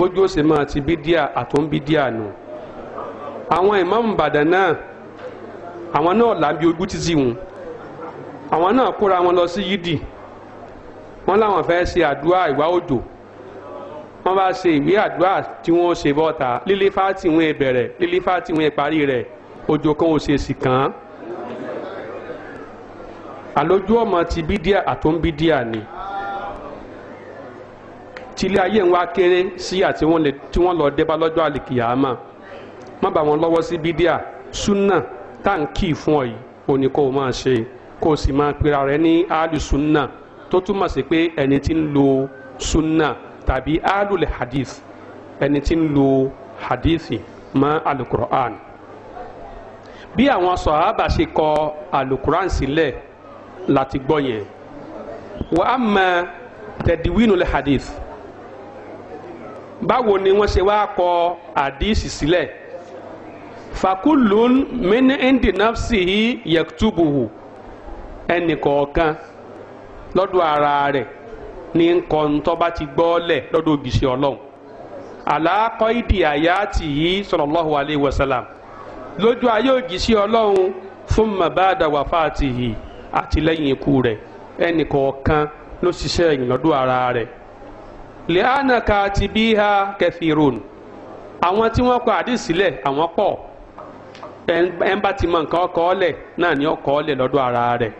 bójú òsè máa ti bídíà àtúnbídíà nù àwọn ìmáàmù Ìbàdàn náà àwọn náà làbí ojú títì wọn àwọn náà kóra wọn lọ sí yídì wọn làwọn fẹ́ ṣe àdúrà ìwá òjò wọ́n bá ṣe ìwé àdúrà tí wọ́n ṣe bọ́ta lílífà tí wọ́n bẹ̀rẹ̀ lílífà tí wọ́n parí rẹ̀ òjò kan ò ṣe sì kàn án àlójú ọmọ ti bídíà àtúnbídíà ni tílé ayé ń wá kéré síyà tí wọ́n lọ dé bá lọ́jọ́ àlìkìyàmà má bà wọ́n lọ́wọ́ sí bídíà súnà táǹkì fún ọ yìí òní kó o máa ṣe kó o sì máa pera rẹ ní áàlù súnà tó túmọ̀ sí pé ẹni tí ń lo súnà tàbí áàlù lè hadith ẹni tí ń lo hadithi mọ́ alukur'an bí àwọn sọ̀hábà ṣe kọ alukur'an sílẹ̀ láti gbọ́ yẹn wa amma tẹ̀díwínú lè hadith báwo ni wọ́n ṣe wáá kọ àdìsí sílẹ̀ fakulun mini indi nafsi yi yektubuhu ẹnìkọ̀ọ̀kan lọ́dọ̀ ara rẹ̀ ní nǹkan tó bá ti gbọ́ lẹ̀ lọ́dọ̀ ògìṣẹ́ ọlọ́run àlàkọ́ ìdí àyà tì yí sallallahu alayhi wa sallam lójú ayé ògìṣẹ́ ọlọ́run fún mabada wafatihi àtìlẹ́yìn ikú rẹ̀ ẹnìkọ̀ọ̀kan ló ṣiṣẹ́ ẹ̀yìn lọ́dọ̀ ara rẹ̀ lẹ́hánà katibiha kẹfìrún àwọn tí wọ́n kọ àdìs sílẹ̀ àwọn pọ̀ ẹnba ti mọ nǹkan ọkọ̀ ọ̀lẹ̀ náà ni ọkọ̀ ọ̀lẹ̀ lọ́dọ̀ ara rẹ̀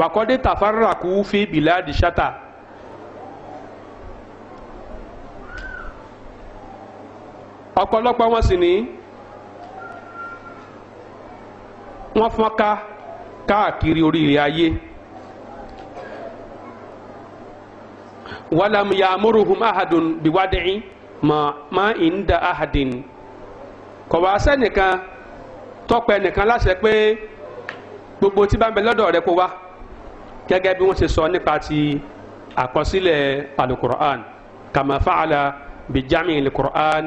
wàkọ́dé tàfáràkú fi bìláàdì ṣátà ọ̀pọ̀lọpọ̀ wọn sì ní wọ́n fọ́n ká káàkiri oriri ayé. walam yamuruhum ahadun biwadi'i ma ma inda ahadin kò wá sẹ́nìkan tọ́pẹ́ nìkan láṣẹ pé gbogbo tí bá ń bẹ lọ́dọ̀ rẹ kó wá gẹ́gẹ́ bí wọ́n ṣe sọ nípa ti àkọsílẹ̀ alukur'an kama fa'ala bi jami alukur'an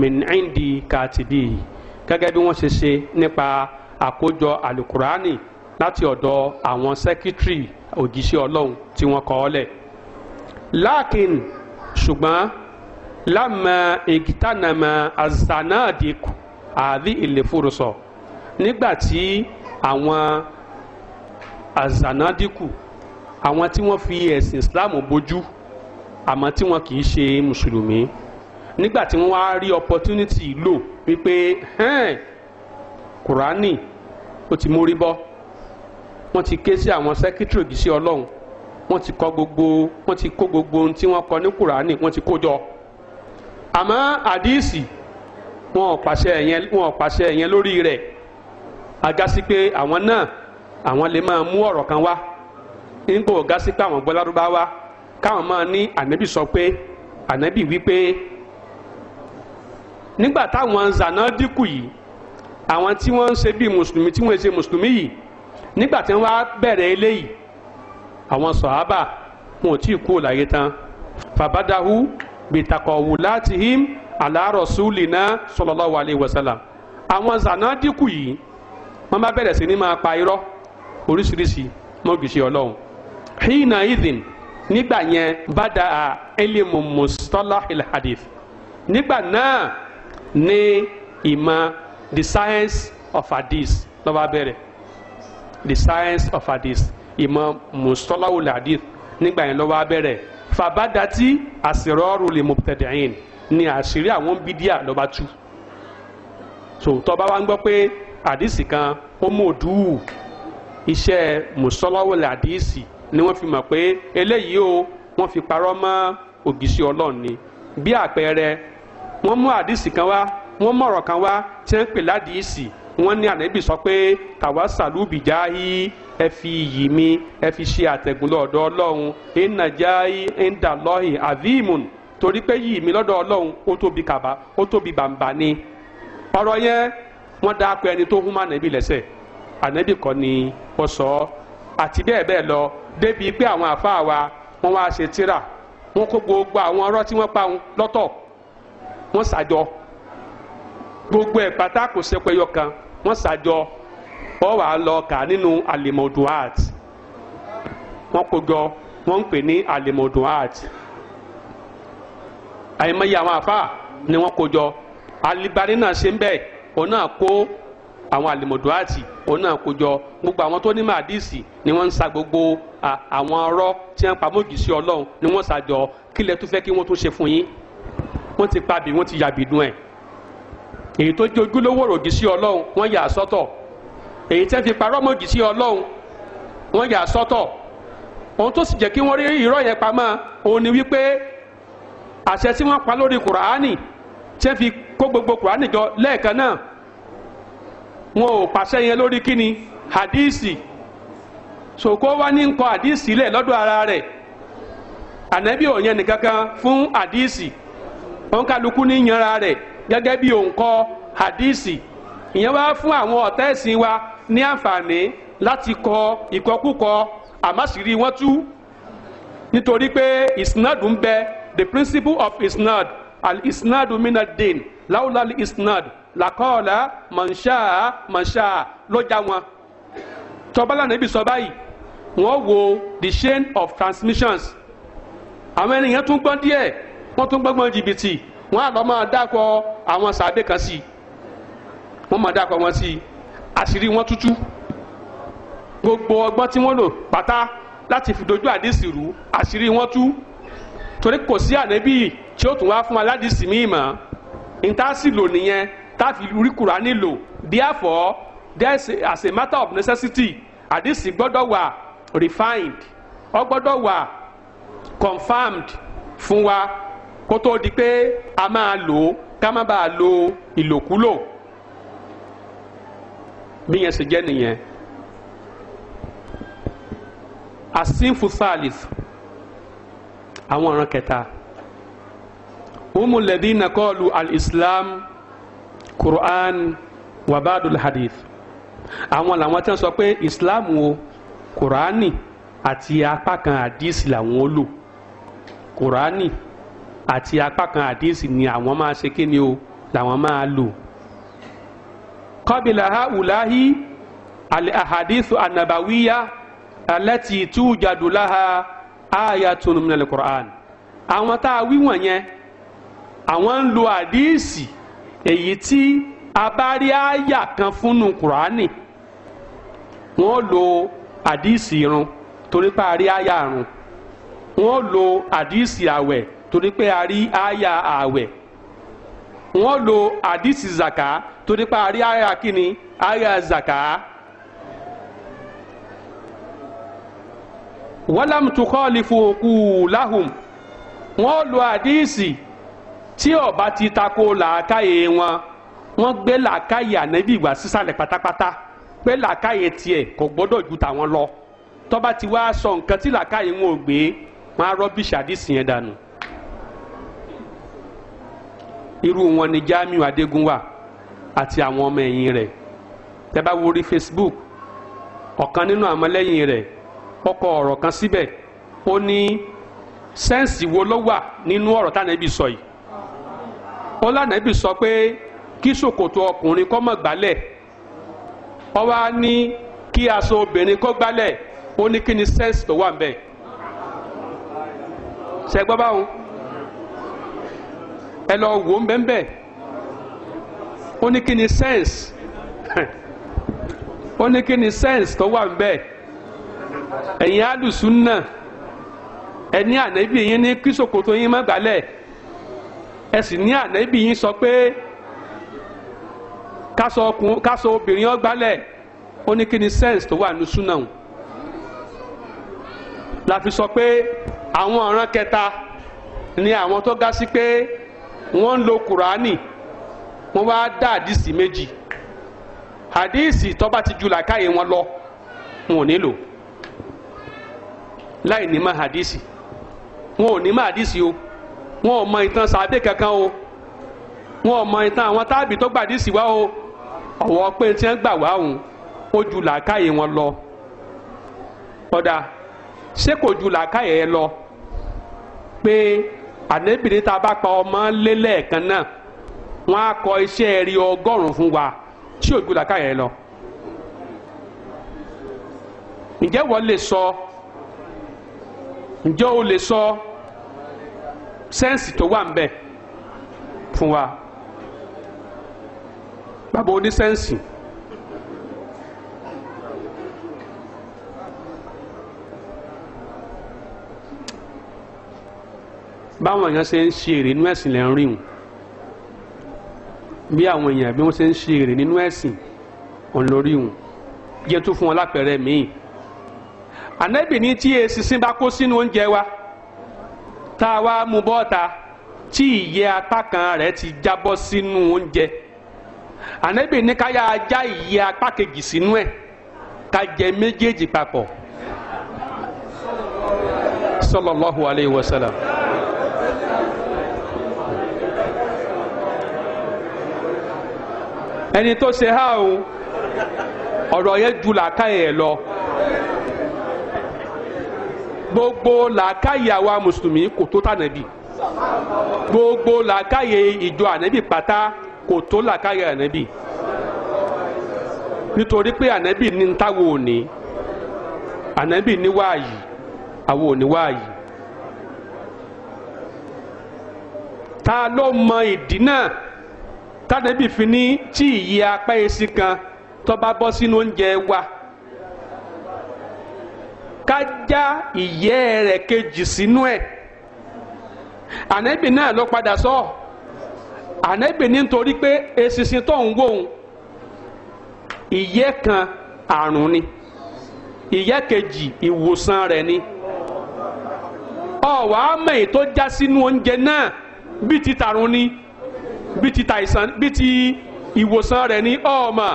min indi katibi gẹ́gẹ́ bí wọ́n ṣe ṣe nípa àkójọ alukur'ani láti ọ̀dọ̀ àwọn sẹ́kítírì òjíṣẹ́ ọlọ́run tí wọ́n kọ ọ́ lẹ̀ lákìn ṣùgbọ́n lámà ìgítànàmà azanadiku àdí ìlẹ̀fọ̀rọ̀sọ nígbà tí àwọn azanadiku àwọn tí wọ́n fi ẹ̀sìn Islam bójú àmọ́ tí wọ́n kì í ṣe mùsùlùmí nígbà tí wọ́n wá rí opportunity lò wípé kùránì ó ti mórí bọ́ wọ́n ti ké sí àwọn sẹ́kítírì ògì sí ọlọ́run wọ́n ti kọ gbogbo wọ́n ti kó gbogbo ohun tí wọ́n kọ ní kùránì wọ́n ti kó jọ àmọ́ àdìsí wọn ò pàṣẹ yẹn wọn ò pàṣẹ yẹn lórí rẹ̀ agasi pé àwọn náà àwọn lè máa mú ọ̀rọ̀ kan wá nígbà ògasi pé àwọn gbọ́ lárúbáwá káwọn máa ní ànábì sọ pé ànábì wí pé nígbà táwọn zànà dínkù yìí àwọn tí wọ́n ń ṣe bí mùsùlùmí tí wọ́n ń ṣe mùsùlùmí yìí nígbà tí wọ́n wá eléyìí àwọn sọ̀hábà wọn ò tí ì kú láyé tán fàbádáhù bìtàkọ̀wù láti him àlàárọ̀ súlìnà sallallahu alaihi wasallam àwọn zanadiku yìí wọ́n bá bẹ̀rẹ̀ sí ní máa pa irọ́ oríṣiríṣi mọ́gìsì ọlọ́run hina idin nígbà yẹn bada a elimu mustalah ilhadith nígbà náà ní ìmọ̀ the science of hadith ló bá the science of hadith ìmọ̀ mùsọ́láwò làdí nígbà yẹn lọ́wọ́ abẹ́rẹ́ fàbádàtì àsìrọ́rù lè mubtadi'in ni àṣírí àwọn bídíà lọ́ba tú so tọ́ba wa ń gbọ́ pé àdìsí kan ó mòdù iṣẹ́ mùsọ́láwò làdíìsì ni wọ́n fi mọ̀ pé eléyìí o wọ́n fi parọ́ mọ́ ògìsì ọlọ́run ni bí àpẹẹrẹ wọ́n mú àdìsí kan wá wọ́n mọ̀rọ̀ kan wá tí wọ́n ń pè ládìísì wọ́n ní ànábì sọ pé tàwa sàlùbìjáhì ẹ fi iyì mi ẹ fi ṣe àtẹ̀gùn lọ́dọ̀ ọlọ́run iná jáì ẹ̀ńdà lọ́hìn azimun torí pé iyì mi lọ́dọ̀ ọlọ́run ó tóbi kàbá ó tóbi bàǹbà ni. ọ̀rọ̀ yẹn wọ́n dáa pé ẹni tó hún mọ́ ànábì lẹ́sẹ̀ ànábì kọ́ ni ó sọ ọ́ àti bẹ́ẹ̀ bẹ́ẹ̀ lọ débi pé àwọn àfáà wa wọ́n wá ṣe tíra wọ́n kó gbogbo àwọn ọ̀rọ̀ tí wọ́n pa wọn lọ́tọ̀ wọ́n ṣàjọ gbogbo ẹ̀ pátá ṣẹpẹyọ kan wọ́n ṣàjọ ọ wà á lọ kà nínú alimoduat wọ́n kó jọ wọ́n ń pè ní alimoduat àyèmọye àwọn àfa ni wọ́n kó alibani náà ṣe ń bẹ òun náà kó àwọn alimoduat òun náà kó gbogbo àwọn tó ní màdíìsì ni wọ́n ń sa gbogbo àwọn ọ̀rọ̀ tí wọ́n pamọ́ jù sí Ọlọ́run ni wọ́n ṣàjọ kílẹ̀ tó fẹ́ kí wọ́n tó ṣe fún yín wọ́n ti pa bí wọ́n ti yàbí dùn èyí tó jẹ́ ojúlówó rògì sí Ọlọ́run wọ́n yà á sọ́tọ̀ èyí tẹ́ fi parọ́ mọ́ jìsí ọlọ́run wọ́n yà sọ́tọ̀ ohun tó sì jẹ́ kí wọ́n rí irọ́ yẹn pamọ́ òun ni wípé àṣẹ tí wọ́n pa lórí kùránì fi kó gbogbo kùránì jọ lẹ́ẹ̀kan náà wọn ò pàṣẹ yẹn lórí kíni hadísì sòkó wá ní nkọ hadísì lẹ̀ lọ́dọ̀ ara rẹ̀ ànábì ò yẹn nìkankan fún hadísì ní yanra rẹ̀ gẹ́gẹ́ bí òǹkọ hadísì ìyẹn wá fún àwọn wa ní àǹfààní láti kọ ìkọkúkọ àmásìrí wọn tú nítorí pé ìsinádù ń bẹ the principle of isnad al isnad mina din laula li isnad làkọ́ọ̀lá mọ̀nsáà mọ̀nsáà lọ́jà wọn tọ́bálà níbi sọ báyìí wọ́n wo the chain of transmissions àwọn ènìyàn tún gbọ́n díẹ̀ wọ́n tún gbọ́gbọ́n jìbìtì wọ́n á lọ máa dákọ̀ àwọn sàbẹ̀ kan sí wọ́n máa dákọ̀ wọn sí i àṣírí wọn tútú gbogbo ọgbọ́n tí wọ́n lò pátá láti fi dojú àdìsí rú àṣírí wọn tú torí kò sí ànábì tí ó tún wá fún aládìsí míì mọ́ níta sì lò nìyẹn tá rí Kùránì lò therefore there is a, as a matter of necessity àdìsí gbọ́dọ̀ wà refined ó gbọ́dọ̀ wà confirmed fún wa kó tó di pé a máa lò ká má bàa lo ìlòkulò bí yẹn ṣe jẹ́ nìyẹn asinfu thalith àwọn ọ̀ràn kẹta umu ladina qalu al-islam quran wa badul hadith àwọn làwọn tí wọ́n sọ pé islam o qurani àti apá kan hadith làwọn ó lò qurani àti apá kan hadith ni àwọn máa ṣe kí ni o làwọn máa lò qabila haulahi al-ahadithu an-nabawiyya allati tujadu laha ayatun min al-Qur'an àwọn tá a wí wọ̀nyẹn àwọn ń lo àdíìsì èyí tí a bá rí àyà kan fúnnu Qur'ani wọ́n lo àdíìsì irun torí pé a rí àyà irun wọ́n lo àdíìsì àwẹ̀ torí pé a rí àyà àwẹ̀ wọ́n lo àdìsí zaka tó nípa àrí àyà kíni àyà zaka. wọ́lám tó kọ́ lifu kú láhùn wọ́n lo àdìsí tí ọba ti tako làákàyè wọn wọ́n gbé làákàyè ànábì wá sísàlẹ̀ pátápátá pé làákàyè tiẹ̀ kò gbọ́dọ̀ ju tàwọn lọ tọ́ba ti wá sọ nǹkan tí làákàyè wọn ò gbé wọn á rọ́bìṣì àdìsí yẹn dànù irú wọn ni Jamiu Adégúnwà àti àwọn ọmọ ẹ̀yìn rẹ̀ tẹ́ wo orí Facebook ọ̀kan nínú àmọ́lẹ́yìn rẹ̀ ọkọ̀ ọ̀rọ̀ kan síbẹ̀ ó ní sẹ́ǹsì wo ló wà nínú ọ̀rọ̀ tánàbí sọ yìí ó lánàbí sọ pé kí ṣòkòtò ọkùnrin kó má gbálẹ̀ ó wá ní kí aṣọ obìnrin kó gbálẹ̀ ó ní kí ni sẹ́ǹsì tó wà ń bẹ̀ ṣẹ́gbọ́n báwọn ẹ lọ wò ń bẹ́ẹ̀ ó ní kí ni sense ó ní kí ni sense tó wà ń bẹ́ẹ̀ ẹ̀yin alùsùn náà ẹni ànábì yín ní kí ṣòkòtò yín má gbálẹ̀ ẹ sì ní ànábì yín sọ pé káṣọ obìnrin ó gbálẹ̀ ó ní kí ni sense tó wà ní súnà òun la fi sọ pé àwọn ọ̀ràn kẹta ni àwọn tó ga sí pé wọ́n ń lo kùránì wọ́n wá dá àdìsí méjì àdìsí tó bá ti ju làákàyè wọn lọ wọn ò nílò láì ní má àdìsí wọn ò ní má àdìsí o wọn ò mọ ìtàn sàbẹ̀ kankan o wọn ò mọ ìtàn àwọn táàbì tó gbàdìsí wá o ọ̀wọ́ pé tí wọ́n gbà wá òun ó ju làákàyè wọn lọ ọ̀dà ṣé kò ju làákàyè ẹ lọ pé ànẹ́bìrì tá a bá pa ọmọ lélẹ́ẹ̀kan náà wọ́n á kọ iṣẹ́ rí ọgọ́rùn-ún fún wa tí òjò làkà yẹn lọ. ǹjẹ́ wọ́n lè sọ ǹjẹ́ o sọ sẹ́ǹsì tó wà ń fún wa bàbá onísẹ́ǹsì. báwọn èèyàn ṣe ń ṣe èrè nínú ẹ̀sìn lẹ́ ń rí wọn bí àwọn èèyàn bí wọ́n ṣe ń ṣe èrè nínú ẹ̀sìn òun lórí wọn jẹ́ tó fún wọn lápẹ̀rẹ̀ míì ànábì ní tí eṣinṣin bá kó sínú oúnjẹ wa tá a wá mú bọ́ọ̀ta tí ìyẹ́ apá kan rẹ̀ ti jábọ́ sínú oúnjẹ ànábì ní ká yá ajá ìyẹ́ apá sínú ẹ̀ ká jẹ méjèèjì papọ̀ sallallahu alayhi wa sallam. ẹni tó ṣe há òun ọ̀rọ̀ yẹn ju làákàyè ẹ̀ lọ gbogbo làákàyè àwa mùsùlùmí kò tó tànàbì gbogbo làákàyè ìjọ ànàbì pátá kò tó làákàyè ànàbì nítorí pé ànàbì ní táwọn ò ní ànàbì ní wáàyí àwọn ò wáàyí ta ló mọ ìdí náà tàdébì fi ní tí ìyí apá esi kan tó bá bọ́ sínú oúnjẹ wa ká já ìyẹ́ rẹ̀ kejì sínú ẹ̀ ànẹ́bì náà ló padà sọ ànẹ́bì ní nítorí pé eṣinṣin tó ń wò ó ìyẹ́ kan àrùn ni ìyẹ́ kejì ìwòsàn rẹ̀ ni ọ̀wá mẹ́yìn tó já sínú oúnjẹ náà bíi ti tàrùn ni. bí ti tàìsàn bí ti ìwòsàn rẹ ní ọ̀ọ́mà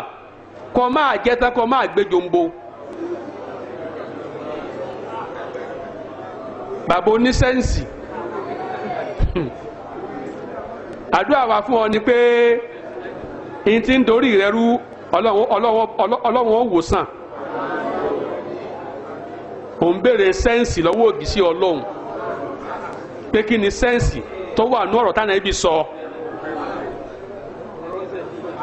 kọ́ máa jẹta tán máa gbé jòǹbo. bàbá onísẹ́ǹsì àdúrà wa fún ọ ni pé n ti ń dorí rẹ rú ọlọ́wọ́n òwòsàn ò ń béèrè sẹ́ǹsì lọ́wọ́ ògì sí ọlọ́run pé kí ni sẹ́ǹsì tó wà ní ọ̀rọ̀ táwọn ẹbí sọ. So.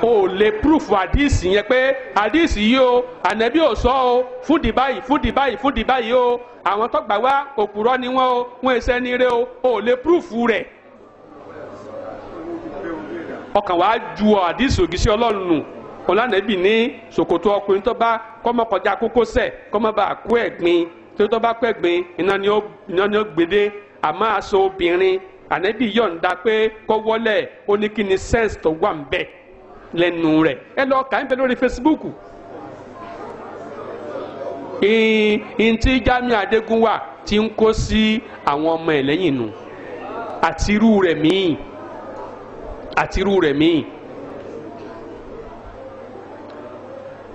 ò lè proof àdìsí yẹn pé àdìsí yìí o ànẹ́bí ò sọ o fúndì báyìí fúndì báyìí fúndì báyìí o àwọn tọ́gbà wá òpùrọ́ ni wọ́n o wọ́n ẹsẹ̀ ní ire o ò lè proof rẹ̀ ọkàn wàá ju àdìsí ògìsí ọlọ́run nù ọlànàbì ní ṣòkòtò ọkùnrin tó bá kọ́mọkọjá kókósẹ̀ kọ́mọba kú ẹ̀gbin tó tó bá kú ẹ̀gbin iná ni ó gbédé àmọ́ aṣọ obìnrin ànẹ́bì yọ̀ǹda pé kó ó ní kí ni sense tó wà ń bẹ́ẹ̀. lẹ́nu rẹ̀ ẹ lọ kà ń bẹ lórí Facebook ntí Jami Adégúnwà ti ń kó sí àwọn ọmọ ẹ lẹ́yìn nù àtirú rẹ̀ míì àtirú rẹ̀ míì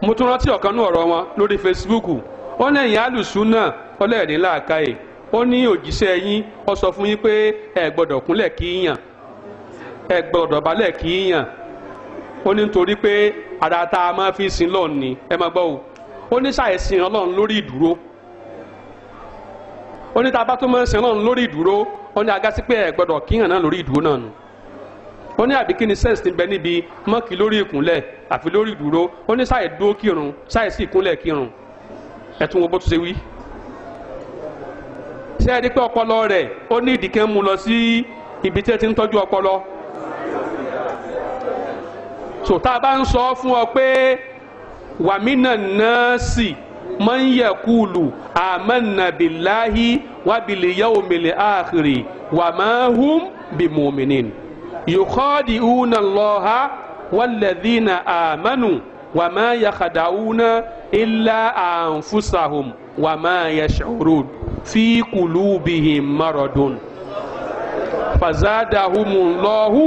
mo tún rántí ọ̀kan ní ọ̀rọ̀ wọn lórí Facebook ó lẹ́yìn alùsùn náà ó lẹ́yìn láàkáyè ó ní òjíṣẹ́ yín ọ sọ fún yín pé ẹ gbọ́dọ̀ kúnlẹ̀ kíyàn ẹ gbọ́dọ̀ balẹ̀ kíyàn ó ní nítorí pé ara tá a máa fi sin lọ́ọ̀ ni ẹ máa gbọ́ o ó ní ṣàìsìn ọlọ́run lórí ìdúró ó ní tá a bá tó máa ń sin ọlọ́run lórí ìdúró ó ní agá sí pé ẹ gbọ́dọ̀ kíyàn náà lórí ìdúró náà nù ó ní àbí kí ni sense ti bẹ níbi mọ́ọ̀kì lórí ìkúnlẹ̀ àfi lórí ìdúró ó ní ṣàì dúró kírun ṣàì sí ìkúnlẹ̀ kírun ẹ tún wo bó tún ṣe wí. ṣé ẹ rí pé ọpọlọ rẹ̀ ó ní ìdí kan mú lọ sí ibi tí ẹ ti ń tọ́jú ọpọlọ so tá a bá ń sọ fún ọ pé wàmínà nọ́ọ̀sì máa ń yẹ kúlù àmọ́nàbíláhi wábìlì yawmil akhiri wàmáhùn bìmùmìnín yòkọ́dì ùnà lọ́ha wàlẹ́dínà àmánù wàmá yàkàdàúnà ilà àǹfùsàhùn wàmá yàṣàrùn fi kùlùbìhìn maradun fàzádàhùn lọ́hù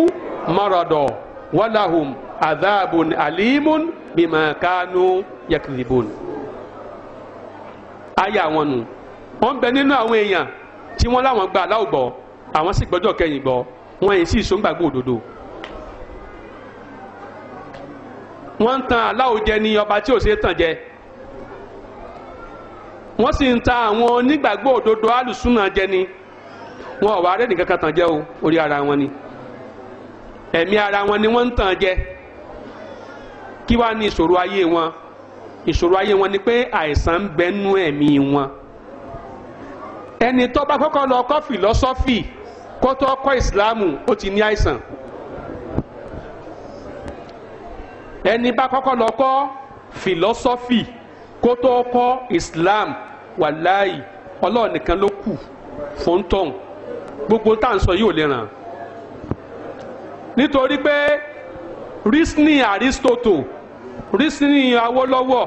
maradun. walahum adhabun alimun bima kanu yakdhibun. ayé àwọn nù wọ́n bẹ nínú àwọn èèyàn tí wọ́n láwọn gba aláwọ̀ àwọn sì gbọ́dọ̀ kẹ́yìn gbọ́ wọ́n òdodo. wọ́n ń tan aláwọ̀ jẹ ní ọba tí ò ṣe é wọ́n sì ń àwọn onígbàgbọ́ òdodo jẹ ni wọn ò wá rẹ́nìkankan tàn jẹ o orí wọn ni. ẹ̀mí ara wọn ni wọ́n ń tàn jẹ kí wàá ní ìṣòro ayé wọn ìṣòro ayé wọn ni pé àìsàn ń bẹnu ẹ̀mí wọn ẹni tó bá kọ́kọ́ lọ kọ́ fìlọ́sọ́fì kó tó kọ́ ìsìláàmù ó ti ní àìsàn ẹni bá kọ́kọ́ lọ kọ́ fìlọ́sọ́fì kó tó kọ́ ìsìláàmù wàláì ọlọ́ọ̀ ló kù fóńtọ̀n gbogbo tá à ń sọ yìí ò lè ràn án. nítorí pé rísní àrístótò rísní awólọ́wọ̀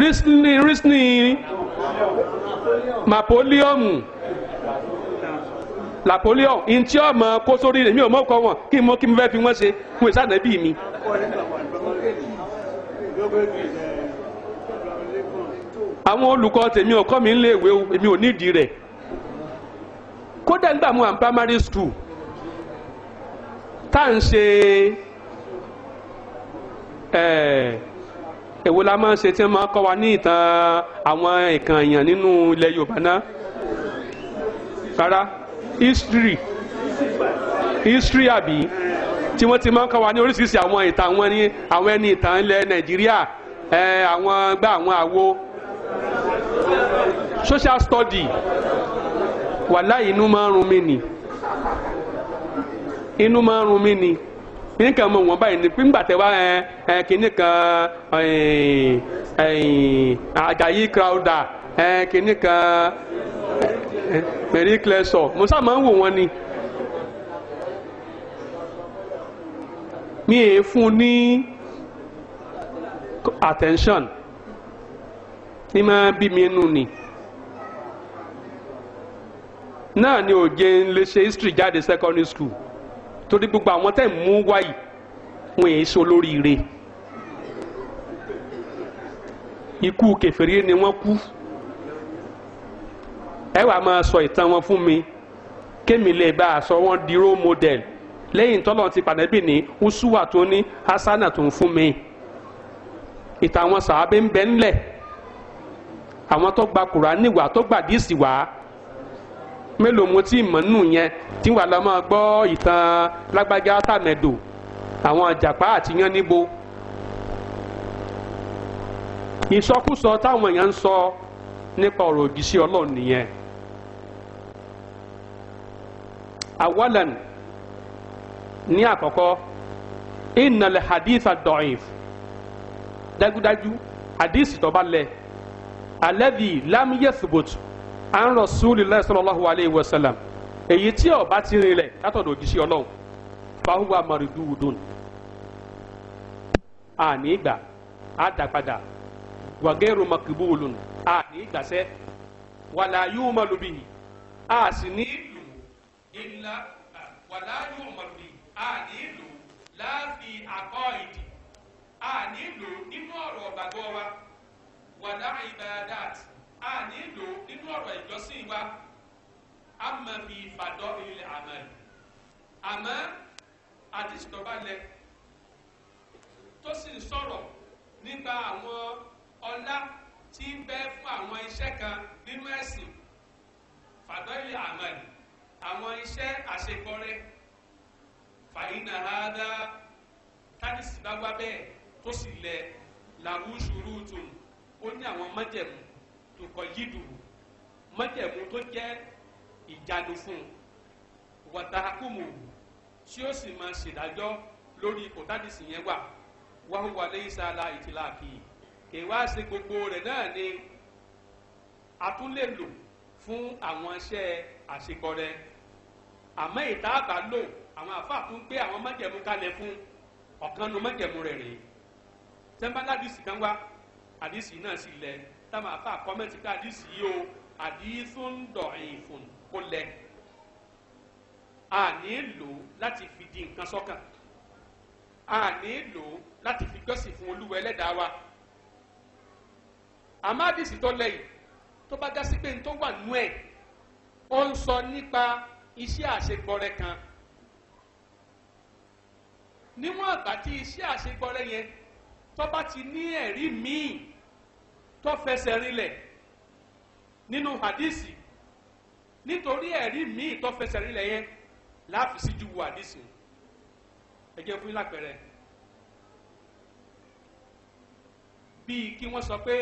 rísní rísní màpólíọ̀mù làpólíọ̀n ntí ọmọ kó sórí rẹ̀ mi ò mọ̀ kọ́ wọn kí n mọ̀ kí n fẹ́ fi wọ́n ṣe fún ìsànàbí mi. àwọn olùkọ́ tèmi ò kọ́ mi ń léèwé èmi ò nídìí rẹ̀ kódà nígbà mu à ń primary school tá à ń ṣe èwo la máa ń ṣe tí wọ́n máa kọ́ wa ní ìtàn àwọn ìkàn èèyàn nínú ilẹ̀ Yorùbá náà rárá history history àbí tí wọ́n ti máa ń kọ́ wa ní oríṣiríṣi àwọn ìtàn àwọn ẹni àwọn ẹni ìtàn ilẹ̀ Nàìjíríà àwọn gbá àwọn àwo social study wàláyé inú máa ń run mi nì. inú máa ń run ni kíní kan mo wọ̀n báyìí nígbà tẹ wá kíní kan Àjàyí Crowder kíní kan Mary Cleso Musa sá máa ń wò ni. mi è fún ní attention ní máa bí mi nù ni náà ni ò jẹ́ ń lè ṣe history jáde secondary school. torí gbogbo àwọn tẹ̀ ń mú wáyì wọn èé so lóríire ikú kèfèrí ni wọ́n kú ẹ wàá máa sọ ìtàn wọn fún mi kémi lè bá a sọ wọn di role model lẹ́yìn tọ́lọ́ ti pàdébì ní usuwa tó ní hasana tó ń fún mi ìtàn àwọn sàábé ń bẹ ńlẹ̀ àwọn tó gba kùránì wá tó gbàdísì wá mélòó mo ti mọ̀ nù yẹn tí wàá lọ́ máa gbọ́ ìtàn lágbájá tàmẹ̀dò àwọn àjàpá àti yán níbo ìsọkúsọ táwọn èèyàn ń sọ nípa ọ̀rọ̀ òdì sí ọlọ́run nìyẹn awalan ní àkọ́kọ́ innal hadith ad-da'if dájúdájú hadith tó bá lẹ̀ alladhi lam yathbut an Rasulillah sallallahu alayhi wa sallam èyí tí ó bá ti rinlẹ̀ látọ̀dọ̀ òjíṣẹ́ ọlọ́run fahuwa maridudun àní ìgbà àdàpadà wàgẹ́rù makibulun àní ìgbàsẹ́ wàlá yóò má lóbi yìí a sì ní ìlú ilá wàlá yóò má lóbi àní ìlú láàfin àkọ́ ìdì àní ìlú nínú ọ̀rọ̀ ọ̀gbàgbọ́ wa wàlá ìbàdàtì a ní lò nínú ọ̀rọ̀ ìjọsìn wa àmọ́ fi ìfàdọ́ ilẹ̀ àmọ́ àmọ́ àdìsítọ́ba lẹ tó sì ń sọ̀rọ̀ nípa àwọn ọlá tí ń bẹ fún àwọn iṣẹ́ kan nínú ẹ̀sìn fàdọ́ ilẹ̀ àmọ́ àwọn iṣẹ́ àṣekọrẹ́ fàyínà áádá tádìsí bá wá bẹ́ẹ̀ tó sì lẹ làwùsùrù tòun ó ní àwọn mọ́jẹ̀mú tukọ̀ yídùú mọ́tẹ̀mú tó jẹ́ ìjánu fún wàtàkùmù tí ó sì máa ṣèdájọ́ lórí ipò tádìsì yẹn wà wáhùwà lẹ́yìn sáálà ìtìláàkì kèwá ṣe gbogbo rẹ̀ náà ni a tún lè lò fún àwọn iṣẹ́ àṣekọrẹ àmọ́ ìta àbá lò àwọn àfáà tún gbé àwọn mọ́tẹ̀mú kalẹ̀ fún ọ̀kan nu mọ́tẹ̀mú rẹ̀ rèé tẹ́ńbáládìsì kan wá àdìsì náà sì lẹ́ẹ̀ táwọn fa kọ́mẹ́ntì pé àdìsí yìí o àdìsí ń dọ̀ ìfún lo lẹ àní lò láti fi di nǹkan sọ́kàn àní lò láti fi gbọ́sìn fún olúwa ẹlẹ́dàá wa àmọ́ àdìsí tó lẹ́yìn tó bá gásí pé n wà nú ẹ̀ ó ń sọ nípa iṣẹ́ àṣegbọrẹ kan níwọ̀n àgbà tí iṣẹ́ àṣegbọrẹ yẹn tó bá ti ní ẹ̀rí míì tó fẹsẹ̀ rinlẹ̀ nínú hadisi nítorí ẹ̀rí míì tó fẹsẹ̀ rinlẹ̀ yẹn láàfin síjú wo hadisi ẹ jẹ́ fún yín lápẹẹrẹ bíi kí wọ́n sọ pé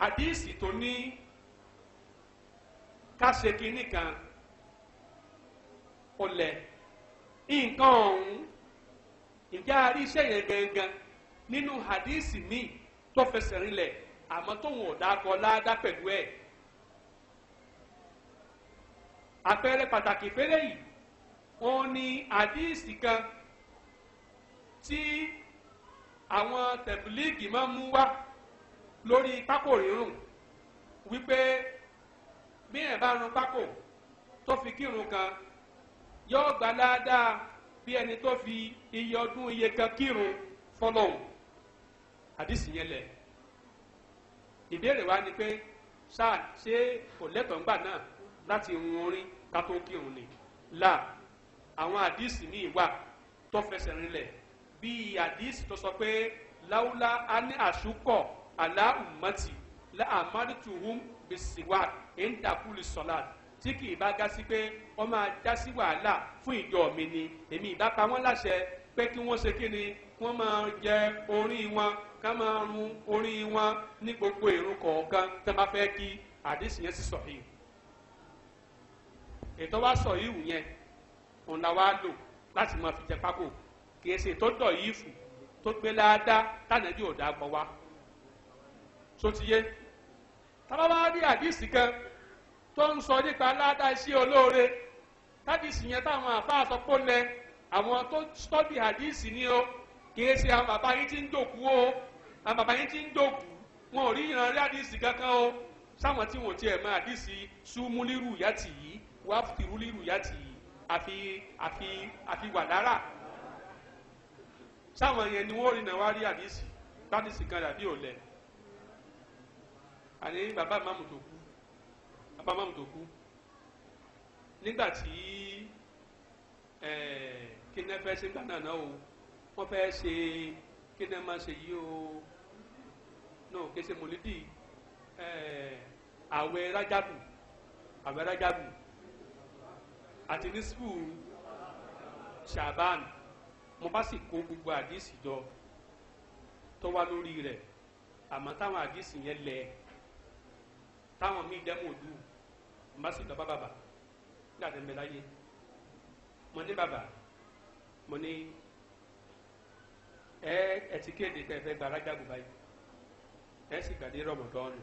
hadisi tó ní ká ṣe kinní kan ọlẹ nǹkan ọ̀hún ìjà àrí iṣẹ́ yẹn gangan nínú hadisi míì tó fẹsẹ̀ rinlẹ̀ àmọ́ tóun ọ̀dà akọ láàdá pẹ̀lú ẹ̀ àpẹẹrẹ pàtàkì péré yìí òun ni àdíìsì kan tí àwọn tẹ̀bílíìgì máa ń mú wá lórí pákó rírùn wípé bí ẹ̀ bá run pákó tó fi kírun kan yóò gbà láàdá bí ẹni tó fi iye ọdún iye kan kírun fọlọ́hùn àdìsí yẹn lẹ̀ ìbéèrè wa ni pé sáà ṣé kò lẹ́tọ̀ọ́ ńgbà náà láti hun orin ká tó kírun ni là àwọn àdìsí míì wà tó fẹsẹ̀ rinlẹ̀ bíi àdìsí tó sọ pé láwùlá a ní àṣùkọ aláùmọ́tì la àmàdùtùhùn bìsìwà ìńdàkúlì sọ̀lá tí kì í bá gá sí pé wọ́n máa já sí wàhálà fún ìjọ mi ni èmi ìbá pa wọ́n láṣẹ pé kí wọ́n ṣe kí ni wọ́n máa jẹ orí wọn ká máa run orí wọn ní gbogbo ìrun kọ̀ọ̀kan tí wọ́n bá fẹ́ kí àdìsí yẹn sì sọ̀hìn ètò wa sọ yìí wù yẹn òun la wá lò láti máa fi jẹ pákó kì í ṣe tó dọ̀ yìí fù tó gbé láadá tànàbí ò dá gbọ́ wá tó ti yé tábà bá rí àdìsí kan tó ń sọ nípa láadá iṣẹ́ olóore tádìsí yẹn táwọn àfáà sọ pé lẹ àwọn tó stọ́dì àdìsí ni ó kì í ṣe àwọn bàbá yìí ti ń dòkú o àwọn bàbá yín ti ń dògùn wọn ò rí ìran rí àdìsí kankan o sáwọn tí wọn ò tiẹ̀ mọ àdìsí súnmúlírù yàtì yìí wà fìrúlírù yàtì yìí àfi àfi àfi wà lára sáwọn yẹn ni wọn ò rí náà wá rí àdìsí àdìsí kan dàbí òlẹ àní bàbá mamu tó kú bàbá mamu tó kú nígbà tí kíndé fẹ́ ṣe gbà o wọ́n fẹ́ ṣe kíndé máa ṣe yìí o no kése mòlídì àwẹ̀ rájàbù àwẹ̀ rájàbù àti ní skul shaban mo bá sì kó gbogbo àdìsí jọ tó wá lórí rẹ̀ àmọ́ táwọn àdìsí yẹn lẹ̀ táwọn míì dẹ́mọ̀ dù mo bá sì lọ bá bàbá nígbà tẹ́ ń bẹ láyé mo ní bàbá mo ní ẹ ẹ ti kéde pé gba rájàbù báyìí ẹ sì gbàdé rọmọdọ́ọ̀nù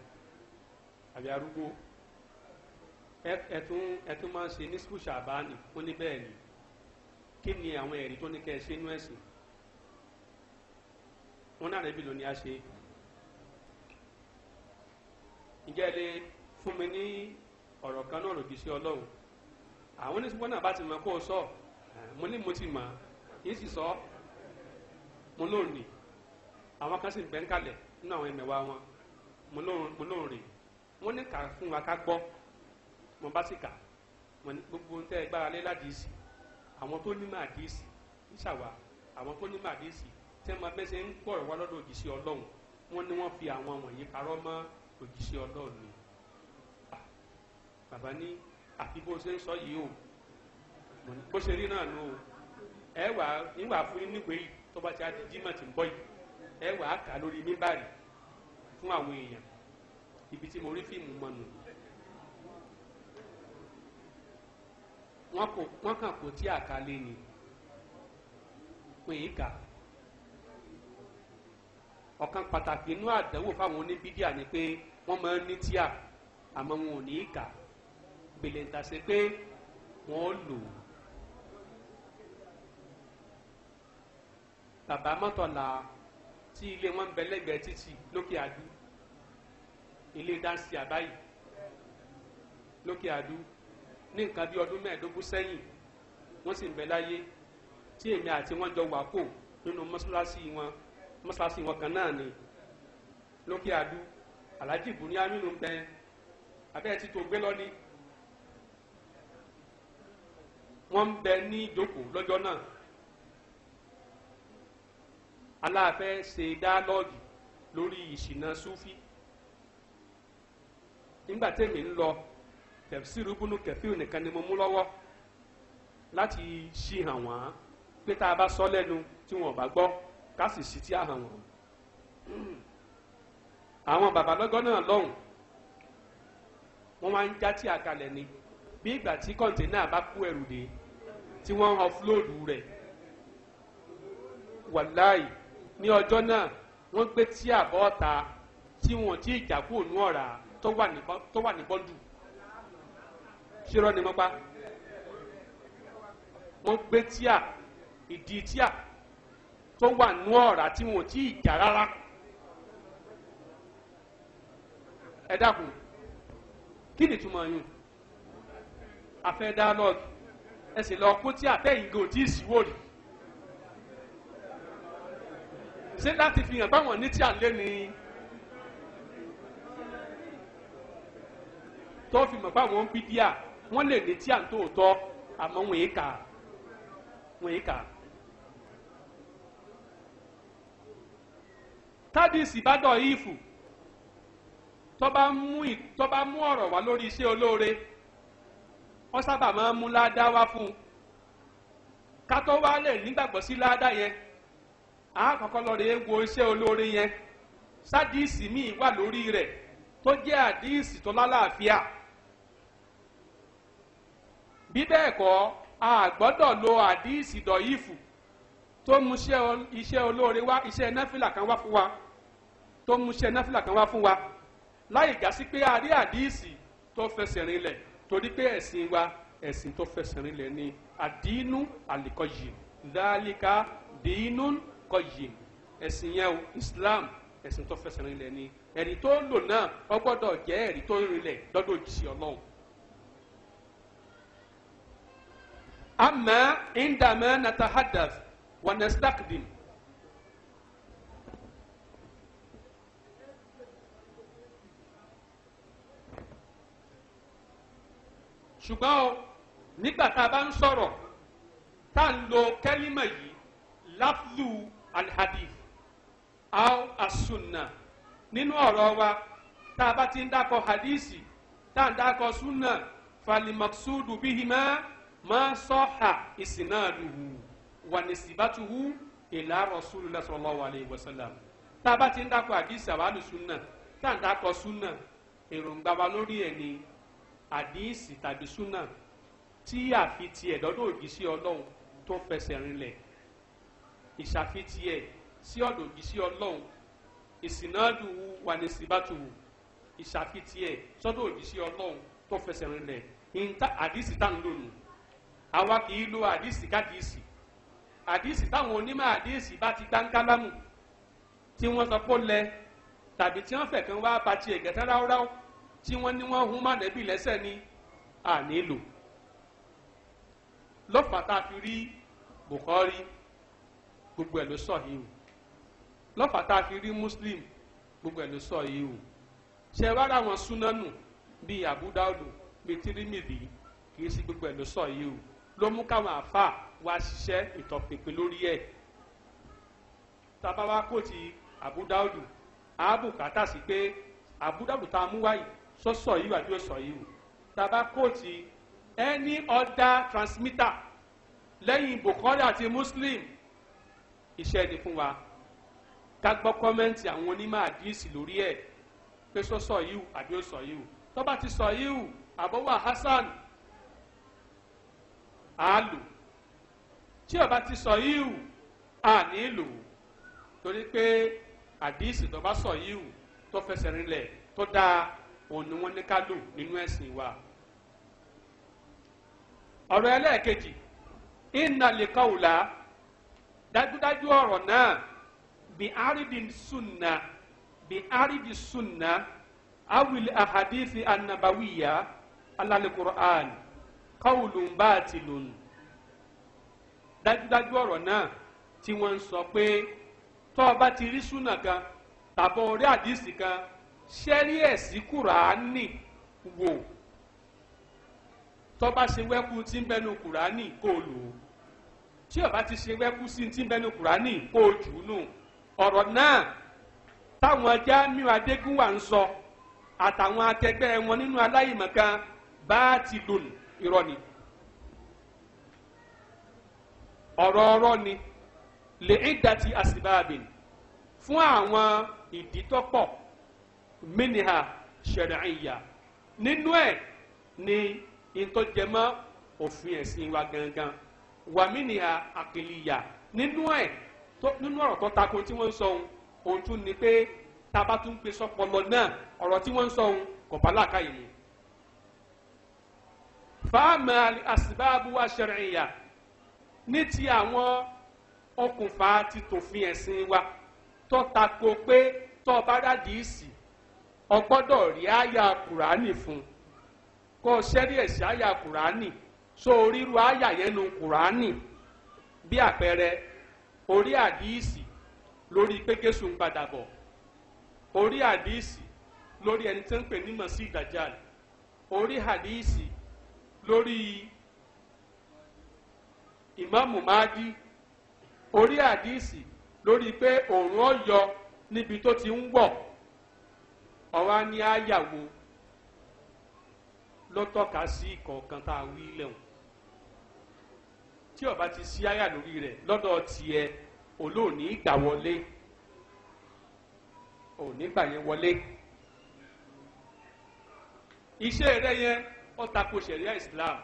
àbí arúgbó ẹtún ẹtún máa ń ṣe ní sùkúù ṣàbáàní ó ní bẹ́ẹ̀ ni kí ni àwọn ẹ̀rí tó ní kẹ́ ẹ ṣe inú ẹ̀sìn wọn náà rẹ̀ bí lónìí á ṣe ǹjẹ́ ẹ lè fún mi ní ọ̀rọ̀ kan náà lòdì sí ọlọ́run àwọn oníṣòwò náà bá ti mọ kó o sọ mo ní mo ti mọ̀ yìí sì sọ mo lónìí àwọn kan sì ń bẹ́ ń kalẹ̀ nínú àwọn ẹmẹ̀wà wọn mo lóun rè wọ́n ní kà fún wa ká gbọ́ mo bá sì kà mo ní gbogbo ń tẹ́ ẹ gbára lé ládìísì àwọn tó ní máa dìísì ìṣàwà àwọn tó ní máa dìísì tẹ́ máa bẹ́sẹ̀ ń pọ̀rọ̀ wá lọ́dọ̀ òjìṣẹ́ ọlọ́run wọ́n ní wọ́n fi àwọn wọ̀nyí parọ́ mọ́ òjìṣẹ́ ọlọ́run ni bàbá ní àfi bó ṣe ń sọ yìí o bó ṣe rí náà nù ẹ wà níwà fún níwèé yìí tó bá ti á di jímọ̀ tí ń bọ̀ yìí ẹ wà á kà lórí mímbàrì fún àwọn èèyàn ibi tí mo rí fíìmù mọ nù wọ́n kàn kó tí àkàlẹ́ ni pé é kà ọ̀kan pàtàkì inú àdánwò fáwọn oníbídíà ni pé wọ́n máa ń ní tíà àmọ́ wọn ò ní í kà gbèlè ń tàṣe pé wọ́n lò ó. bàbá mọ́tò la tí ilé wọn ń bẹ lẹ́gbẹ̀ẹ́ títì lókè àdú ilé dáńsì àbáyì lókè àdú ní nǹkan bí ọdún mẹ́ẹ̀ẹ́dógún sẹ́yìn wọ́n sì ń bẹ láyé tí èmi àti wọ́n jọ wà pò nínú mọ́ṣáláṣí wọn mọ́ṣáláṣí wọn kan náà ni lókè àdú alhaji buni aminu ń bẹ abẹ́ẹ̀ tí tó gbé lọ́ní wọ́n ń bẹ ní ìjókòó lọ́jọ́ náà aláàfẹ́ ṣe dáálọ́ọ̀gì lórí ìṣìnà sufi nígbà tèmi ń lọ tẹ̀síìrì búnú kẹfíù nìkan ni mo mú lọ́wọ́ láti ṣì hàn wọ́n pé tá a bá sọ lẹ́nu tí wọ́n bá gbọ́ ká sì sí tí a hàn wọ́n. àwọn babalọ́gọ́ náà lọ́hùn wọ́n máa ń já tí a kalẹ̀ ni bí ìgbà tí kọ́ńténà bá kú ẹrù dé tí wọ́n ọ́flóòdù rẹ̀ wàláì ní ọjọ́ náà wọ́n gbé tí àbọ̀ ọ̀ta tí wọ́n ti ìjà òun ọ̀rà tó wà ní bọ́ndù ṣírọ́ ni mo pa wọ́n gbé tíà ìdí tíà tó wà nú ọ̀rá tí wọn ò tí ì rárá ẹ dákun kí ni túmọ̀ yín afẹ́ dialogue ẹ sì lọ kó tíà tẹ́yìn gò tí ì síwò rí ṣé láti fi hàn báwọn ní tí à ń lé ni tó fi mọ̀ báwọn ń bí díà wọ́n lè ní tí à ń tó tọ́ àmọ́ wọ́n èé kà wọ́n èé kà. tádìsì bá dọ̀ ìfù tó bá mú ọ̀rọ̀ wá lórí iṣẹ́ olóore wọ́n sábà máa ń mú ládá wá fún un ká tó wá lè nígbàgbọ́ sí ládá yẹn àkọ́kọ́ lọ rèé wo olori olóore yẹn sádìsì míì wà lórí rẹ̀ tó jẹ́ àdìsì tó lálàáfíà Bi bẹ́ẹ̀ kọ a gbọ́dọ̀ lo àdìsì dọ̀yìfù tó mú ise olori wa ise náfìlà kan wá fún wa tó mú iṣẹ́ náfìlà kan wá fún wa láì gasi sí pé a rí àdìsì tó fẹsẹ̀ rinlẹ̀ torí pé ẹ̀sìn wa ẹ̀sìn tó fẹsẹ̀ rinlẹ̀ ni àdínú àlìkọ́yì dálíkà dínú Qayyim ẹ̀sìn yẹn o Islam ẹ̀sìn tó fẹsẹ̀ rinlẹ̀ ni ẹ̀rí tó ń lò náà ó gbọ́dọ̀ jẹ́ ẹ̀rí tó ń rinlẹ̀ lọ́dọ̀ òjìṣẹ́ Ọlọ́run. amma indama natahadath wa ṣùgbọ́n o nígbà tá a bá ń sọ̀rọ̀ tá a ń lo kẹ́límà yìí láflù alhadith aw asunna nínú ọ̀rọ̀ wa tá a bá ti ń dákọ̀ hadisi tá a ń dákọ̀ sunna falimaksudu bihima ma sọ́ha isnaduhu wà nisibatuhu ila rasulillah sallallahu alayhi wa sallam tá a bá ti ń dákọ̀ hadisi àwàlù sunna tá a ń dákọ̀ sunna èròǹgbà wa lórí ẹ̀ ni hadisi tàbí sunna tí àfi tiẹ̀ lọ́dọ̀ òjíṣẹ́ ọlọ́run tó fẹsẹ̀ rinlẹ̀ ìṣàfitì ẹ̀ sí ọ̀dọ̀ òjíṣẹ́ ọlọ́run ìsìnàdù wà ní síbàtù ìṣàfitì ẹ̀ sọ́dọ̀ òjíṣẹ́ ọlọ́run tó fẹsẹ̀ rinlẹ̀ níta àdìsí tá ń lò nù àwa kì í lo àdìsí kádìsí àdìsí táwọn onímọ̀ àdìsí bá ti gbáńkálámù tí wọ́n sọ pé ó lẹ tàbí tí wọ́n fẹ̀ kí wọ́n bá ti ẹ̀gẹ́tẹ́ ráúráú tí wọ́n ní wọ́n hun mọ̀lẹ́bí lẹ́sẹ̀ ni à nílò lọ́fà tá a fi rí Bukhari gbogbo ẹ̀ ló sọ yìí o lọ́fàá tá a fi rí muslim gbogbo ẹ̀ ló sọ yìí o ṣe wá ráwọn súnánù bíi àbúdáòdù bíi tírímìdì kì í sí gbogbo ẹ̀ ló sọ yìí o ló mú káwọn àáfà wá ṣiṣẹ́ ìtọ̀pinpin lórí ẹ̀ tàbá wá kó ti àbúdáòdù àábùkátà sí pé àbúdáòdù tá a mú wáyìí sọ́sọ̀ yìí wàjú ọ̀sọ̀ yìí o tàbá kó ti any other transmitter lẹ́yìn bukhari àti muslim iṣẹ́ ni fún wa ká gbọ́ kọ́mẹ́ǹtì àwọn onímọ̀ àdíìsì lórí ẹ̀ pé sọ sọ yìí wù àbí ó sọ yìí wù tó bá ti sọ yìí wù àbọ̀wà hasan á lò tí ó bá ti sọ yìí wù á ní lò torí pé àdíìsì tó bá sọ yìí wù tó fẹsẹ̀ rinlẹ̀ tó dáa òun ni wọ́n ní ká lò nínú ẹ̀sìn wa ọ̀rọ̀ ẹlẹ́ẹ̀kejì ìnàlẹ́kọ̀ọ́lá dájúdájú ọ̀rọ̀ náà bí àrídì sunna bí àrídì sunna awil ahadithi annabawiya alalikur'an kawulun baatilun dájúdájú ọ̀rọ̀ náà tí wọ́n ń sọ pé tó o bá ti rí sunna kan tàbọ̀ orí àdìsí kan ṣẹ́rí ẹ̀ kùránì wò tó bá ṣe wẹ́kú tí ń bẹnu kùránì kò lò ó tí ó bá ti ṣe wẹ́kú sí ti bẹ́nu kùránì kó o jù ú nù ọ̀rọ̀ náà táwọn Jamiu Adégúnwà ń sọ àtàwọn akẹgbẹ́ wọn nínú aláìmọ̀kan bá ti lòn irọ́ ni ọ̀rọ̀ ọ̀rọ̀ ni lè ń dàtí àsìbáàbìn fún àwọn ìdí tó pọ̀ mínìhà ṣẹ̀rẹ̀ẹ́yà nínú ẹ̀ ni ìtọ́jẹmọ́ òfin ẹ̀sìn wa gangan wàmínìyà àkìlìyà nínú ẹ̀ nínú ọ̀rọ̀ tó tako tí wọ́n ń sọ ohun ohun tún ni pé tába tún gbé sọpọlọ náà ọ̀rọ̀ tí wọ́n ń sọ ohun kò bá làákàyè mu. fáàmà àsìbáàbù aṣẹ̀rìnyà ní ti àwọn okùnfà ti tòfin ẹ̀sìn wa tó tako pé tó bá rádìísì ọgbọ́dọ̀ rí àyà kùránì fún kó ṣẹ́rí ẹ̀sìn àyà kùránì so oríru àyà yẹn nu kùránì bí àpẹẹrẹ orí àdíìsì lórí pé Jésù ń padà bọ̀ orí àdíìsì lórí ẹni tí ń pè ní mọ̀sí ìdájàlì orí àdíìsì lórí ìmáàmù Máàdí orí àdíìsì lórí pé òun ó yọ níbi tó ti ń wọ̀ ọ̀wá ní àyàwó ló tọ́ka sí ìkọ̀ọ̀kan tá a wí lẹ́hùn tí ó bá ti sí àyà lórí rẹ̀ lọ́dọ̀ tiẹ̀ olóòní ìgbà wọlé òní gbà yẹn wọlé iṣẹ́ rẹ̀ yẹn ó tako ṣẹ̀ríà Islam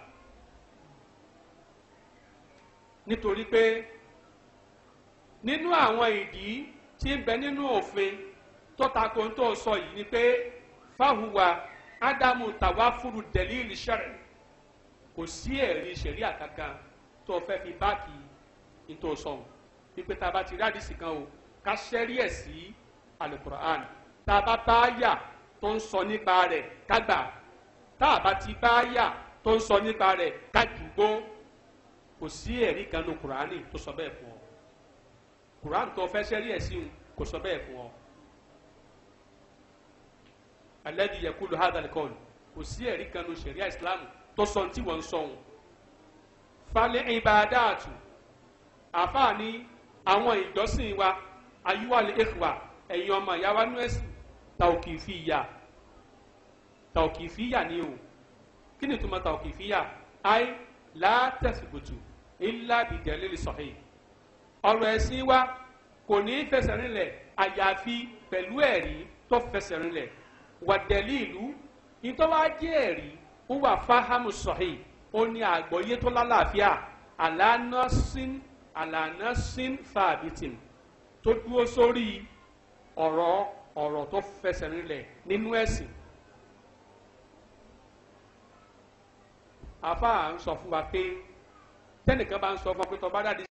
nítorí pé nínú àwọn ìdí tí ń bẹ nínú òfin tó tako ń tó sọ yìí ni pé fáhùwà ádámù tàwáfúrú dẹ̀líìlì ṣẹ̀rẹ̀ kò sí ẹ̀rí ṣẹ̀ríà kankan tó o fẹ́ fi báàkì nítorí sọ̀hún pípẹ́ tá a bá ti rí àdìsí kan o ká ṣẹ́rí ẹ̀ sí alukur'an tá a bá bá yà tó ń sọ nípa rẹ̀ kágbà tá a bá ti bá yà tó ń sọ nípa rẹ̀ kájúgbó kò sí ẹ̀rí kan ní kur'ani tó sọ bẹ́ẹ̀ fún ọ kur'an tó fẹ́ ṣẹ́rí ẹ̀ sí kò sọ bẹ́ẹ̀ fún ọ alẹ́dí yẹ kúlù hadal kọ́ọ̀lù kò sí ẹ̀rí kan ní sẹ̀ríà islam tó sọ ní tí wọ́n ń sọ wọn. falẹ̀ ìbàdàtù àfààní àwọn ìjọsìn wa ayúwàlẹ̀ ìhùwà ẹ̀yin ọmọ ìyá nú ẹ̀sìn tàòkìfìyà tàòkìfìyà ni o kí ni ìtumọ̀ tàòkìfìyà ai látẹ̀sìbùtù illa bìdẹ̀lẹ́lì sọ̀hìn ọ̀rọ̀ ẹ̀sìn wa kò ní fẹsẹ̀ rinlẹ̀ àyàfi pẹ̀lú ẹ̀rí tó fẹsẹ̀ wàdẹ̀líìlú ìtọ́wá jẹ́ ẹ̀rí wúwà fáhámù sọ̀hìn ó ní àgbọ́yé tó lálàáfíà àlànàsín àlànàsín fàbítìn tó dúró sórí ọ̀rọ̀ ọ̀rọ̀ tó fẹsẹ̀ rinlẹ̀ nínú ẹ̀sìn. àfáà ń sọ fún wa pé tẹ́nìkan bá ń sọ fún wa pé tọ́ba dáadé